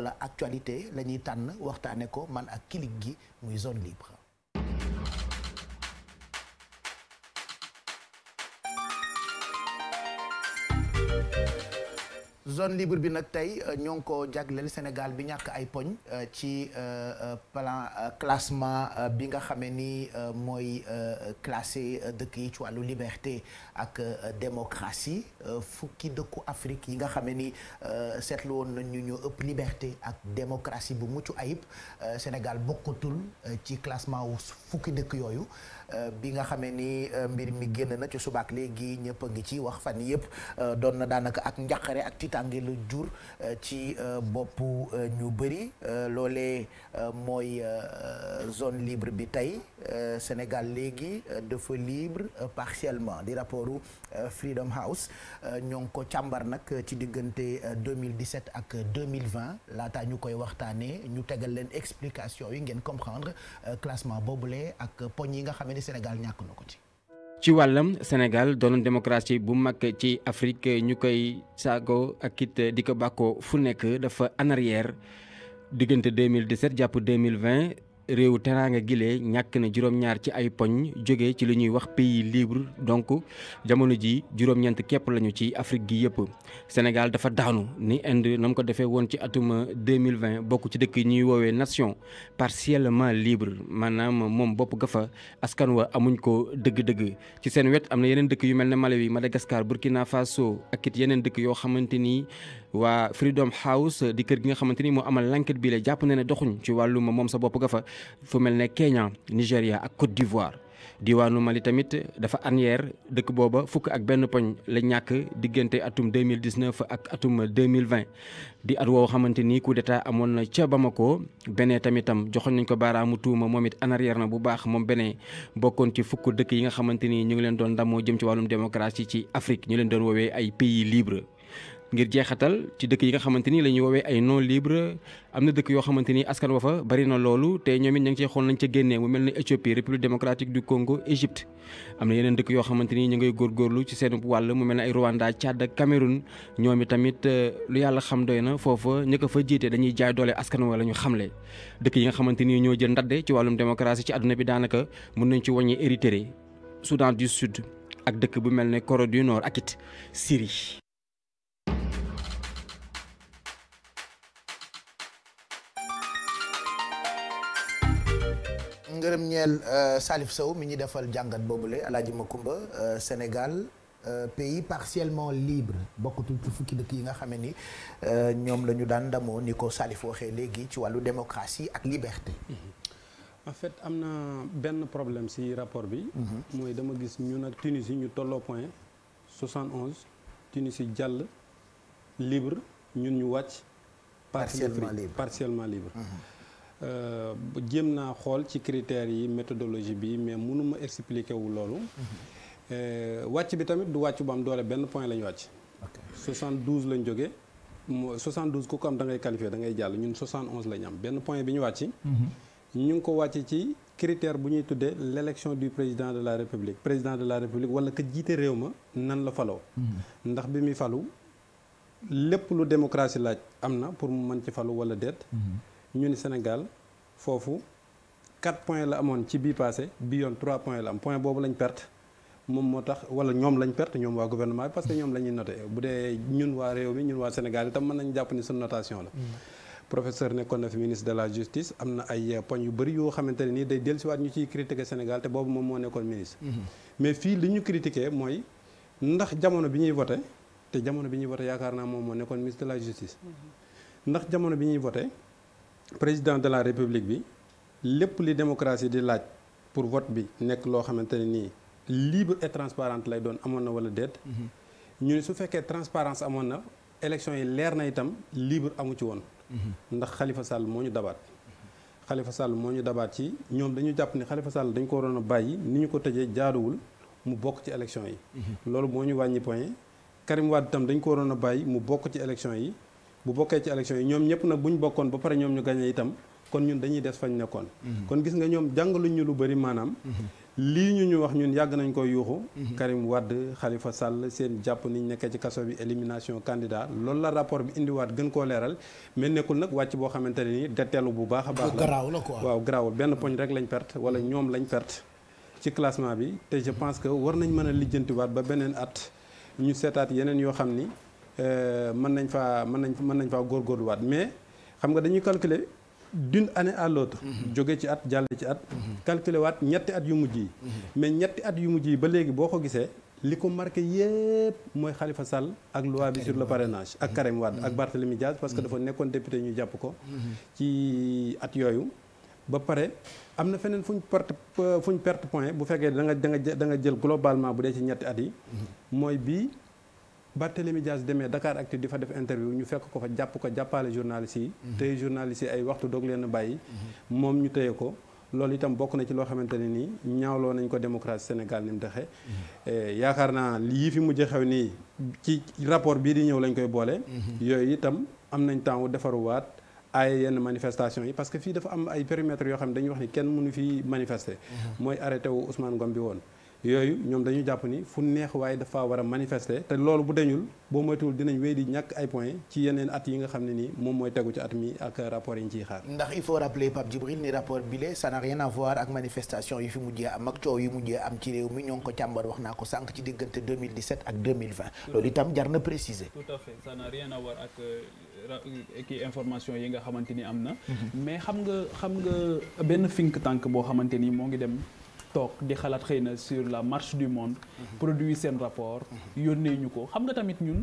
wala actualité la ñuy tànn waxtaane ko man ak kilik gi muy zone libre zone libre bi nag tey euh, ñoo ngi ko jagleel Sénégal bi ñàkk ay poñ euh, ci euh, plan classement bi nga xamee ni mooy classé dëkk yi ci wàllu liberté ak démocratie fukki dëkku Afrique yi nga xamee ni seetlu woon nañ ñu ñoo ëpp liberté ak démocratie bu mucc ayib Sénégal bokkatul ci classement wu fukki dëkk yooyu bi nga xamee ni mbir mi génn na ci subaak léegi ñëpp ngi ci wax fan yëpp doon na daanaka ak njaqare ak tiita tànge la jur euh, ci euh, bopp euh, ñu bëri loole mooy zone libre bi tey Sénégal léegi dafa libre partiellement di rapportu Freedom House ñoo ngi ko càmbar nag ci diggante 2017 ak 2020 laataa ñu koy waxtaanee ñu tegal leen explication yi ngeen comprendre classement boobule ak poñ yi nga xam ne Sénégal ñàkk na ko ci. ci wàllam Sénégal doon démocratie bu mag ci Afrique ñu koy saago ak it di ko bàkkoo fu nekk dafa en arrière diggante 2017 jàpp 2020 réewu teraanga gilee ñàkk na juróom-ñaar ci ay poñ jóge ci li ñuy wax pays libre donc jamono ji juróom-ñeent képp lañu ci Afrique gi yëpp Sénégal dafa daanu ni Inde na mu ko defee woon ci atum 2020 bokk ci dëkk yi ñuy woowee nation partiellement libre maanaam moom bopp ga fa askan wa amuñ ko dëgg-dëgg ci seen wet am na yeneen dëkk yu mel ne Malawi Madagascar Burkina Faso ak it yeneen dëkk yoo xamante ni waa Freedom House di kër gi nga xamante ni moo amal l'enquête bi la jàpp na ne doxuñ ci wàllum moom sa bopp ga fa fu mel ne Kenya Nigéria ak Côte d'Ivoire. diwaanu Mali tamit dafa anyeer dëkk booba fukk ak benn poñ la ñàkk diggante atum 2019 ak atum 2020 di at woo xamante ni coup d'état amoon na ca Bamako benee tamitam joxoon nañ ko baaraamu tuuma moom it en arrière na bu baax moom benee bokkoon ci fukk dëkk yi nga xamante ni ñu ngi leen doon ndamoo jëm ci wàllum démocratie ci Afrique ñu leen doon woowee ay pays libres ngir jeexatal ci dëkk yi nga xamante ni la ñuy woowee ay non libre am na dëkk yoo xamante ni askan wa fa bari na loolu te ñoom it ña ngi cee xool nañ ca génnee mu mel ne Éthiopie République démocratique du kongo Égypte am na yeneen dëkk yoo xamante ni ñu ngay góorgóorlu ci seen wàll mu mel ne ay Rwanda Tchad ak Cameroun ñoom i tamit euh, lu yàlla xam doy na foofa ña ko fa jiite dañuy jaay doole askan wa ñu xamle dëkk yi nga xamante ni ñoo jël ndadde ci wàllum démocratie ci àdduna bi daanaka mun nañ ci wàññee Érythrée Soudan du Sud ak dëkk bu mel ne Corée ak it Syrie ngërëm ñeel euh, Salif Sow mi ñuy defal jàngat boobule alaaji Makumba euh, Sénégal euh, pays partiellement libre bokkatul ci fukki dëkk yi nga xam ni ñoom la ñu daan damoo ni ko Salif waxee léegi ci wàllu démocratie ak liberté. Mm-hmm. en fait am na benn problème ci rapport bi. Mm-hmm. mooy dama gis ñun ak Tunisie ñu tolloo point 71 Tunisie jàll libre ñun ñu wàcc. partiellement libre partiellement libre. Mm Euh, jéem naa xool ci critères yi méthodologie bi mais mënuma expliquer wu loolu. Mhm. Euh, wàcc bi tamit du wàcc bu am doole benn point la ñu wàcc. ok 72 lañ jógee. mo 72 ku ko am da ngay qualifié da ngay jàll ñun 71 la ñu am benn point bi ñu wàcc. Mhm. ñu ngi ko wàcc ci critère bu ñuy tuddee l' du président de la république président de la république wala ka jiite réew ma nan la falo mhm. ndax bi muy falu lépp lu démocratie laaj am na pour mu mën ci falu wala déet. ñu ni Sénégal foofu 4 points la amoon ci bii passé bi yoon 3 points la am point boobu lañ perte moom moo tax wala ñoom lañ perte ñoom waa gouvernement bi parce que ñoom la ñuy noté bu dee ñun waa réew mi ñun waa Sénégal itam mën nañu jàpp ni suñu notation la. Mm. professeur nekkoon na fi ministre de la justice am na ay poñ yu bëri yoo xamante ne nii day dellusiwaat ñu ci critiquer Sénégal te boobu moom moo nekkoon ministre. Mm-hmm. mais fii li ñu critiquer mooy ndax jamono bi ñuy voté te jamono bi ñuy voté yaakaar naa moom moo nekkoon ministre de la mm-hmm. ndax jamono bi ñuy voté. président de la république bi lépp li démocratie di laaj pour vote bi nekk loo xamante ne nii libre et transparente lay doon amoon na wala déet. Mhm. ñu ne su fekkee transparence amoon na élection yi leer na itam libre amu ci woon. Mhm. ndax xalifa Sall moo ñu dabaat. xalifa Sall moo ñu dabaat ci ñoom dañu jàpp ne Khalifa Sall dañ ko waroon a bàyyi ni ñu ko tëjee jaaduwul mu bokk ci élection yi. Mhm. loolu moo ñu wàññi point Karim Wade itam dañ ko waroon a bàyyi mu bokk ci élection yi. bu bokkee ci élection yi ñoom ñëpp nag bu ñu bokkoon ba pare ñoom ñu gagné itam kon ñun dañuy des fañ nekkoon. Mhm. kon gis nga ñoom jàngaluñ ñu lu bëri maanaam. Mhm. lii ñu ñu wax ñun yàgg nañ ko yuuxu. Mhm. Karim Wade Khalifa Sall seen jàpp niñ nekkee ci kaso bi élimination candidat lool la rapport bi indiwaat gën koo leeral mais nekkul nag wàcc boo xamante ne nii detteelu bu baax a baax. garaaw la quoi waaw garaawul benn poñ rek lañ perte wala ñoom lañ perte. ci classement bi te je pense que war nañ mën a lijjantiwaat ba beneen at ñu seetaat yeneen yoo xam ni. Euh, mën nañ faa mën nañ mën nañ faa góorgóorluwaat mais xam nga dañuy calculer d'une année à l'autre mhm. jóge ci at jàll ci at mhm. calculer waat ñetti at yu mujj yi mhm. mais ñetti at yu mujj yi ba léegi boo ko gisee li ko marqué yépp mooy Khalifa Sall ak loi bi sur le parrainage ak Karim Wade ak Barthélemy Diaz parce que dafa nekkoon député ñu jàpp ko ci at yooyu ba pare am na feneen fu ñu perte fu perte point bu fekkee da nga da nga da nga jël globalement bu dee ci ñetti at yi mooy bii Barthélémy Dias demee Dakar Actu di fa def interview ñu fekk ko fa jàpp ko jàppaale journaliste yi mhm. tey journaliste yi ay waxtu doog leen bàyyi mhm. moom ñu téye ko loolu itam bokk na ci loo xamante ne nii ñaawloo nañ ko démocratie Sénégal ni mu taxe mhm. eh, yaakaar naa lii fi mujj xew nii ci rapport bii di ñëw lañ koy boole yooyu itam am nañ temps wu defaruwaat ay yenn manifestation yi parce que fii dafa am ay périmètres yoo xam ne dañuy wax ni kenn mënu fi manifester mooy arrêté wu Ousmane Ngom bi woon yooyu ñoom dañu jàpp ni fu neex waaye dafa war a manifester te loolu bu dañul boo moytuwul dinañ wéy ñàkk ay points ci yeneen at yi nga xam ne ni moom mooy tegu ci at mi ak rapport yi ñu ndax il faut rappeler Pape Djibril ni rapport bile ça n'a rien à voir ak manifestation yi fi mujjee am ak coow yi mujjee am ci réew mi ñoo ko càmbar wax naa ko sànq ci diggante 2017 ak loolu itam jar na préciser. tout rien à voir ak euh, kii information yi nga xamante ni mhm. mais xam nga xam nga benn think tank boo xamante ni moo ngi dem. toog di xalaat xëy na sur la marche du monde mhm. produit seen rapport mhm. yónnee ñu ko xam nga tamit ñun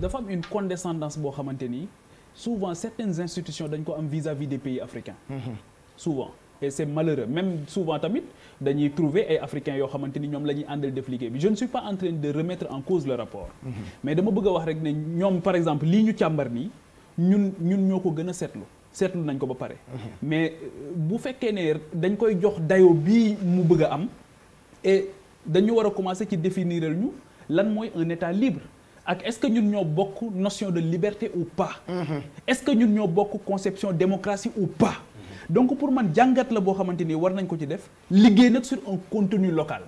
dafa am une condescendance boo xamante ni souvent certaines institutions dañ ko am vis-à-vis des pays africains mhm. souvent et c'est malheureux même souvent tamit dañuy trouver ay africains yoo xamante ni ñoom la àndal def liggéey bi je ne suis pas en train de remettre en cause le rapport mais dama bëgg a wax rek ne ñoom par exemple lii ñu càmbar a seetlu nañ ko ba pare. mais bu fekkee ne dañ koy jox dayo bii mu bëgg a am e dañu war a commencer ci définiral ñu lan mooy un état libre. ak est-ce que ñun ñoo bokk notion de liberté ou pa mm-hmm. est-ce que ñun ñoo bokk conception démocratie ou pa mm-hmm. donc pour man jàngat la boo xamante ni war nañ ko ci def liggéey nag sur un contenu local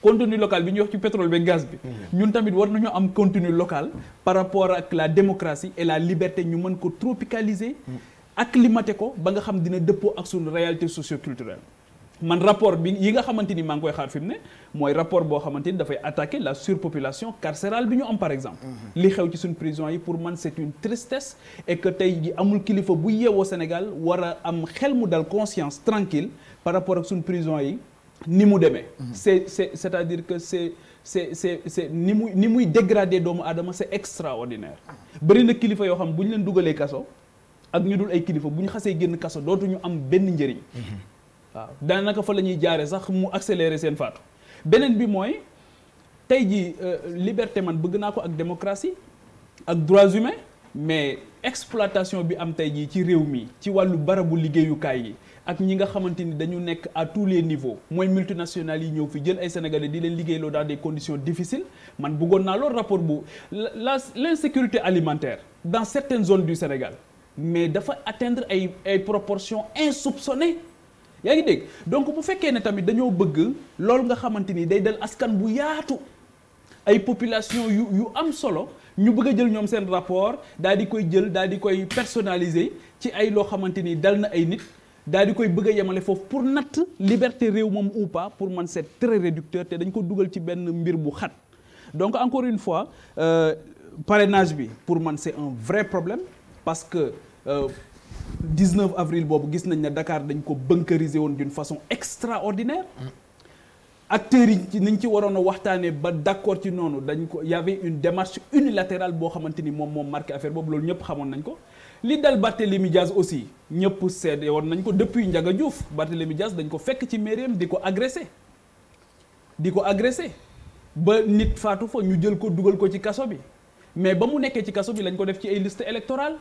contenu local bi ñuy wax ci pétrole bi gaz bi mm-hmm. ñun tamit war nañoo am contenu local par rapport ak la démocratie et la liberté ñu mën ko tropicaliser ak limate ko ba nga xam dina dëppoo ak suñu réalité socioculturelle man rapport bi yi nga xamante ni maa ngi koy xaar fi mu ne mooy rapport boo xamante ni dafay attaquer la surpopulation carcérale bi ñu am par exemple mhm. li xew ci suñu prison yi pour man c'est une tristesse et que tey ji amul kilifa bu yeewoo Sénégal war a am xel mu dal conscience tranquille par rapport ak suñu prison yi ni mu demee mhm. c'est c'est c'est-à-dire que c'est c'est c'est ni muy ni muy dégradee doomu aadama c'est extraordinaire mhm. bëri na kilifa yoo xam bu ñu leen dugalee kaso ak ñu dul ay kilifa bu ñu xasee génn kaso ñu am benn njëriñ. waaw daanaka fa la ñuy jaaree sax mu accélérer seen faatu. beneen bi mooy tey jii euh, liberté man bëgg naa ko ak démocratie ak droits humains mais exploitation bi am tey jii ci réew mi ci wàllu barabu liggéeyukaay yi ak ñi nga xamante ni dañu nekk à tous les niveaux mooy multinationale yi ñëw fi jël ay sénégalais di leen liggéeyloo dans des conditions difficiles man bëggoon naa loolu rapport bu la l'insécurité alimentaire dans certaines zones du Sénégal. mais dafa atteindre ay ay proportions insoupçonnées yaa ngi dégg donc bu fekkee ne tamit dañoo bëgg loolu nga xamante ni day dal askan bu yaatu ay population yu yu am solo ñu bëgg a jël ñoom seen rapport daal di koy jël daal di koy personnaliser ci ay loo xamante ni dal na ay nit daal di koy bëgg a yemale foofu pour natt liberté réew moom ou pas pour man c'est très réducteur te dañ ko dugal ci benn mbir bu xat donc encore une fois euh, parrainage bi pour man c'est un vrai problème parce que euh, 19 avril boobu gis nañ ne dakaar dañ ko bunkériser woon d'une façon extraordinaire acteurs yi ci niñ ci waroon a waxtaanee ba d'accord ci noonu dañ ko y une démarche unilatérale boo xamante ni moom moom marqué affaire boobu loolu ñëpp xamoon nañ ko li dal Barthélémy Diaz aussi ñëpp seede woon nañ ko depuis Ndiaga Diouf Barthélémy Diaz dañ ko fekk ci mairéem di ko agressé di ko agressé ba nit faatu fa ñu jël ko dugal ko ci kaso bi mais ba mu nekkee ci kaso bi lañ ko def ci ay électorale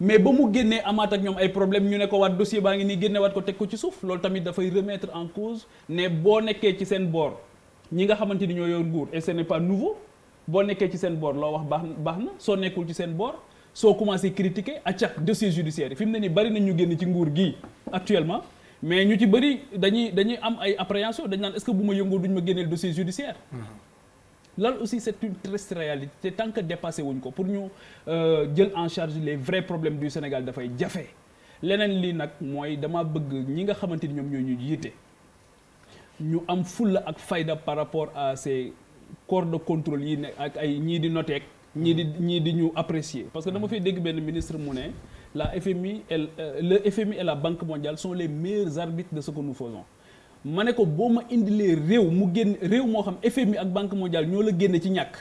mais ba mu génnee amaat ak ñoom ay problème ñu ne ko waat dossier baa ngi nii génnewaat ko teg ko ci suuf loolu tamit dafay remettre en cause ne boo nekkee ci seen boor ñi nga xamante ni ñoo yor nguur et ce n'est boo nekkee ci seen boor loo wax baax baax na soo nekkul ci seen boor soo commencé critiquer acak dossier judiciaire yi fi mu ne nii bari nañu génn ci nguur gi actuellement mais ñu ci bëri dañuy dañuy am ay appréhension dañ naan est que bu ma yëngoo duñ ma génneel dossier judiciaire mm-hmm. loolu aussi c' est une triste réalité te tant que dépassé wuñ ko pour ñu euh, jël en charge les vrais problèmes du Sénégal dafay jafe leneen lii nag mooy dama bëgg ñi nga xamante ni ñoom ñoo ñu jiite ñu am fulla ak fayda par rapport à ces corps de contrôle yi ne ak ay ñii di noteek ñii di ñii di ñu apprécier parce que dama fay dégg benn ministre mu ne la FMI e euh, le FMI et la Banque mondiale sont les meilleurs arbitres de ce que nous faisons ma ne ko boo ma indilee réew mu génn réew moo xam FMI ak banque mondiale ñoo la génne ci ñàkk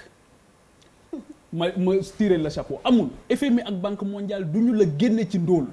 ma ma tiré la chapeau amul FMI ak banque mondiale du ñu la génne ci ndóol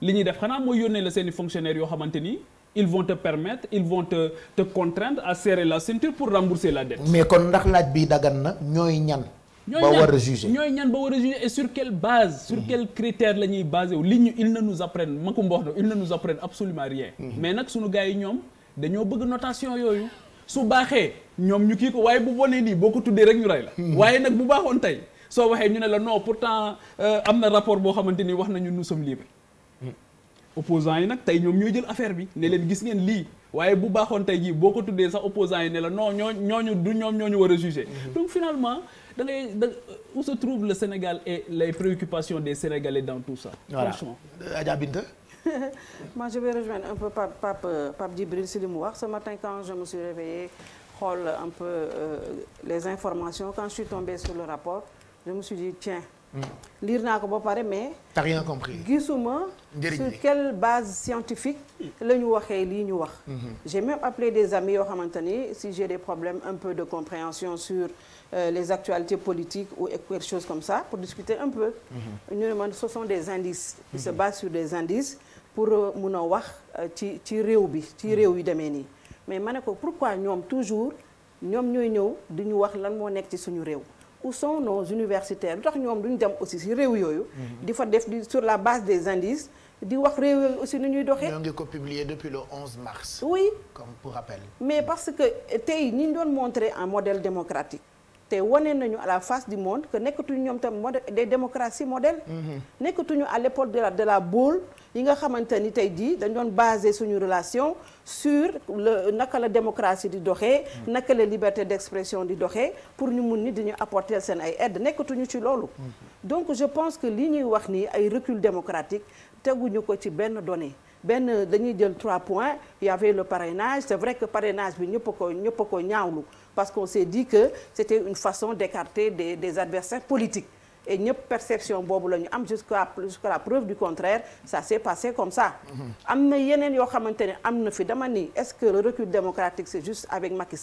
li ñuy def xanaa mooy yónnee la seeni fonctionnaires yoo xamante ni ils vont te permettre ils vont te contraindre à serrer la ceinture pour rembourser la dette. mais kon ndax laaj bi dagan na ñooy ñan. ba war a juger ñooy ñan ba war a juger et sur quelle base sur quel critère la ñuy basé wu li ñu ils ne nous apprennent ma ko mbox na ils ne nous apprennent absolument rien mhm. mais nag suñu gars yi ñoom dañoo bëgg notation yooyu su baaxee ñoom ñu kii ko waaye bu bonee nii boo ko tuddee rek ñu rey la mhm. waaye nag bu baaxoon tey soo waxee ñu ne la non pourtant euh, am na rapport boo xamante ni wax nañu nu sommes libres mhm. opposants yi nag tey ñoom ñooy jël affaire bi ne leen gis ngeen lii waaye bu baaxoon tey jii boo ko tuddee sax opposants yi ne la non ñoo ñooñu du ñoom ñooñu war a juger donc da ngay da où se trouve le Sénégal et les préoccupations des Sénégalais dans tout ça. voilà franchement. Adja Binta. moi je vais rejoindre Pape Pape Pape Djibril mu wax ce matin quand je me suis réveillée xool un peu euh, les informations quand je suis tombée sur le rapport je me suis dit tiens. Hmm. lire naa ko ba pare mais. t'as rien compris base scientifique. la ñu waxee lii ñu wax. Hmm. j'ai même appelé des amis yoo xamante ni si j'ai des problèmes un peu de compréhension sur. euh, les actualités politiques ou quelque chose comme ça pour discuter un peu. Mhm. ñu ne man ce sont des indices. ils se mhm. basent sur des indices pour euh, mun a wax euh, ci ci réew bi ci mhm. réew yu demee nii mais ma ne ko pourquoi ñoom toujours ñoom ñooy ñëw di ñu wax lan moo nekk ci suñu réew. où sont nos universitaires lu tax ñoom duñu dem aussi ci réew yooyu. di fa def di sur la base des indices. di wax réew yooyu aussi ni ñuy doxee. ñoo ngi ko publier depuis le 11 mars. oui mais parce que tey ñi ñu doon montrer un modèle démocratique. te wane nañu à la face du monde que nekkatuñu ñoom tam des démocraties modèles mhm. nekkatuñu à l'époque de la de boule yi nga xamante ni tey jii dañ doon basé suñu relation sur le naka la démocratie di doxee mhm. naka la liberté d'expression di doxee pour ñu mun ni diñu apporter seen ay aide nekkatuñu ci loolu mhm. donc je pense que li ñuy wax nii ay recule démocratique teguñu ko ci benn donnée benn dañuy jël trois points il y avait le parrainage c'est vrai que parrainage bi ñëpp a ñëpp a ko parce qu'on s'est dit que c'était une façon d'écarter des, des adversaires politiques et ñëpp perception boobu la ñu am jusqu'à jusqu'à la preuve du contraire ça s'est passé comme ça mm-hmm. am na yeneen yoo xamante ne am na fi dama est-ce que le recul démocratique c'est juste avec Macky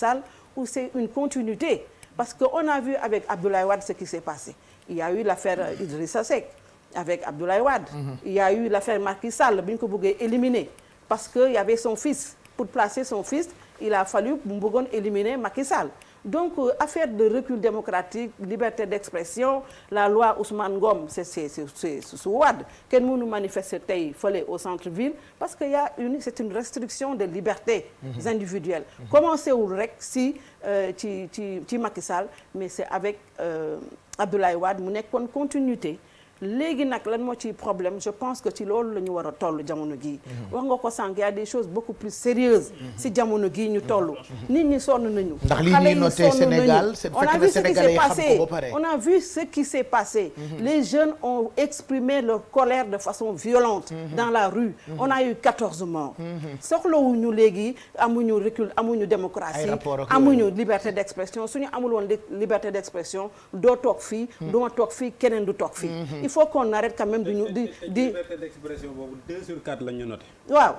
ou c'est une continuité parce que a vu avec Abdoulaye Wade ce qui s'est passé il y a eu l'affaire Idrissa Seck avec Abdoulaye Wade mm-hmm. il a eu l'affaire Macky Sall ko bëggee éliminer parce que il y avait son fils pour placer son fils il a fallu mu bëggoon éliminer Macky Sall donc euh, affaire de recul démocratique liberté d'expression la loi Ousmane Ngom c'est c'est c'est su Wade kenn mënu manifester tey fële au centre-ville parce que y a une c'est une restriction de liberté mhm. individuelle mhm. commencé wul rek si euh, ci ci ci Macky Sall mais c'est avec euh, Abdoulaye Wade mu nekkoon continuité léegi nag lan moo ci problème je pense que ci loolu la ñu war a toll jamono gii mhm. wax nga ko sànq y a des choses beaucoup plus sérieuses mhm. si jamono gii ñu toll mhm. nit ñi sonn nañu ndax li ñuy noté Sénégal on a vu ce qui s'est passé on a vu ce qui s'est passé les jeunes ont exprimé leur colère de façon violente dans la rue on a eu 14 morts soxlawuñu léegi amuñu recul amuñu démocratie amuñu liberté d'expression suñu amul woon liberté d'expression doo toog fii duma toog fii keneen du toog fii faut qu'on arrête quand même di ñu di di. liberté d'expression boobu 2 sur 4 la ñu noté. waaw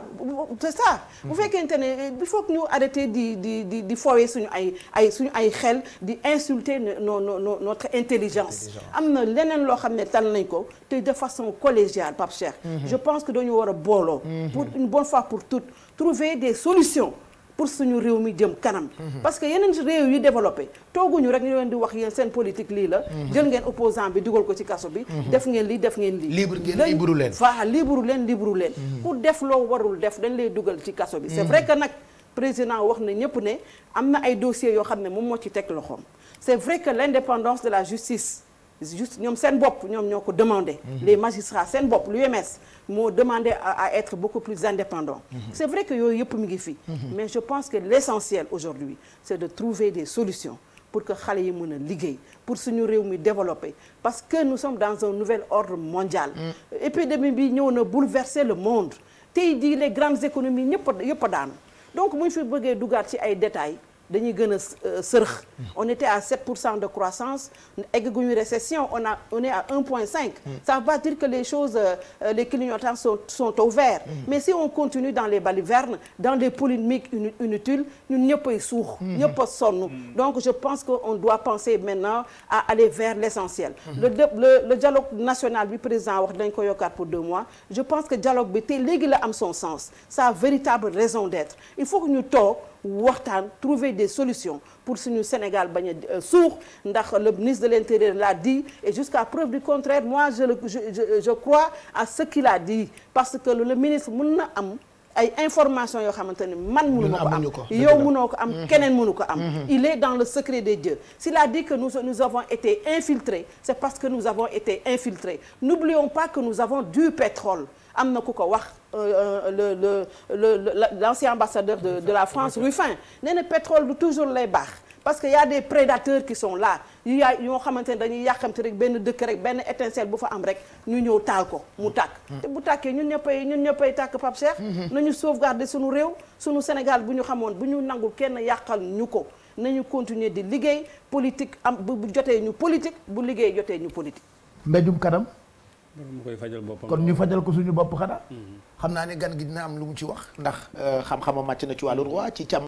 c'est ça. bu fekkente ne il faut que ñu di di di di fowe suñu ay ay suñu ay xel di insulter no no no notre intelligence. am na leneen loo xam ne tal nañ ko te de façon collégiale Pape Cheikh. Mhm. je pense que dañu war a booloo. Mhm. pour une bonne fois pour toutes trouver des solutions. pour suñu réew mi jëm kanam parce que yeneen réew yi développé tooguñu rek ñu leen di wax yéen seen politique lii la jël ngeen opposant bi dugal ko ci kaso bi def ngeen lii def ngeen lii libre ngeen libru leen waa libru leen libru leen mhm. ku def loo warul def dañ lay dugal ci kaso bi c'est vrai que nag président wax na ñëpp ne am na ay dossiers yoo xam ne moom moo ci teg loxoom c'est vrai que l'indépendance de la justice juste ñoom seen bopp ñoom ñoo ko demandé mhm. les magistrats seen bopp l'UMS moo demandé à être beaucoup plus indépendant mhm. c'est vrai que yooyu yëpp mu ngi fii mhm. mais je pense que l'essentiel aujourd'hui c'est de trouver des solutions pour que xale yi mën a liggéey pour suñu réew mi développer parce que nous sommes dans un nouvel ordre mondial épidémie bi ñëw na bouleverser le monde tey jii les grandes économies ñëpp yëpp a daanu donc muñ fi bëggee dugaat ci ay détails dañuy gën a euh, sërëx on était à 7 pour cent de croissance egguñu récession on a on est à 1,5 ça veut pas dire que les choses euh, euh, les clignotants sont sont au vert mais si on continue dans les balivernes dans des polémiques inutiles ñun ñëpp ay sonn donc je pense que on doit penser maintenant à aller vers l'essentiel le, le le dialogue national bi président wax dañ ko yokkaat pour deux mois je pense que dialogue bi tey léegi la am son sens sa véritable raison d'être il faut que ñu toog waxtaan trouver des solutions pour suñu Sénégal bañ a euh, suux ndax le ministre de l'Intérieur l'a dit et jusqu'à preuve du contraire moi je crois à ce qu'il a dit parce que le ministre mën na am ay information yoo xamante ne man mënuma ko am yow mënoo ko am mm-hmm. keneen mënu ko am mm-hmm. il est dans le secret des dieux s'il a dit que nous nous avons été infiltrés c'est parce que nous avons été infiltrés n'oublions pas que nous avons du pétrole am na ku ko wax Euh, le le le l'ancien ambassadeur de de la France Ruffin nee na pétrole du toujours lay baax. parce que y des prédateurs qui son la yu yoo xamante ne dañuy yàqamte rek benn dëkk rek benn étincelle bu fa am rek ñu ñëw taal ko mu tàkk hmm. te bu tàkkee ñun ñëppay ñun ñëppay tàkk Pape Cheikh hmm. nañu sauvegarder suñu réew suñu Sénégal bu ñu xamoon bu ñu nangu kenn yàqal ñu ko na ñu continuer di liggéey politique am bu jotee ñu politique bu liggéey jotee ñu politique mbéjum kanam mu koy fajal boppam kon ñu fajal ko suñu bopp xanaa hmm. xam naa ne gan gi dina am lu mu ci wax ndax euh, xam-xama màcc na ci wàllu roi ci càmm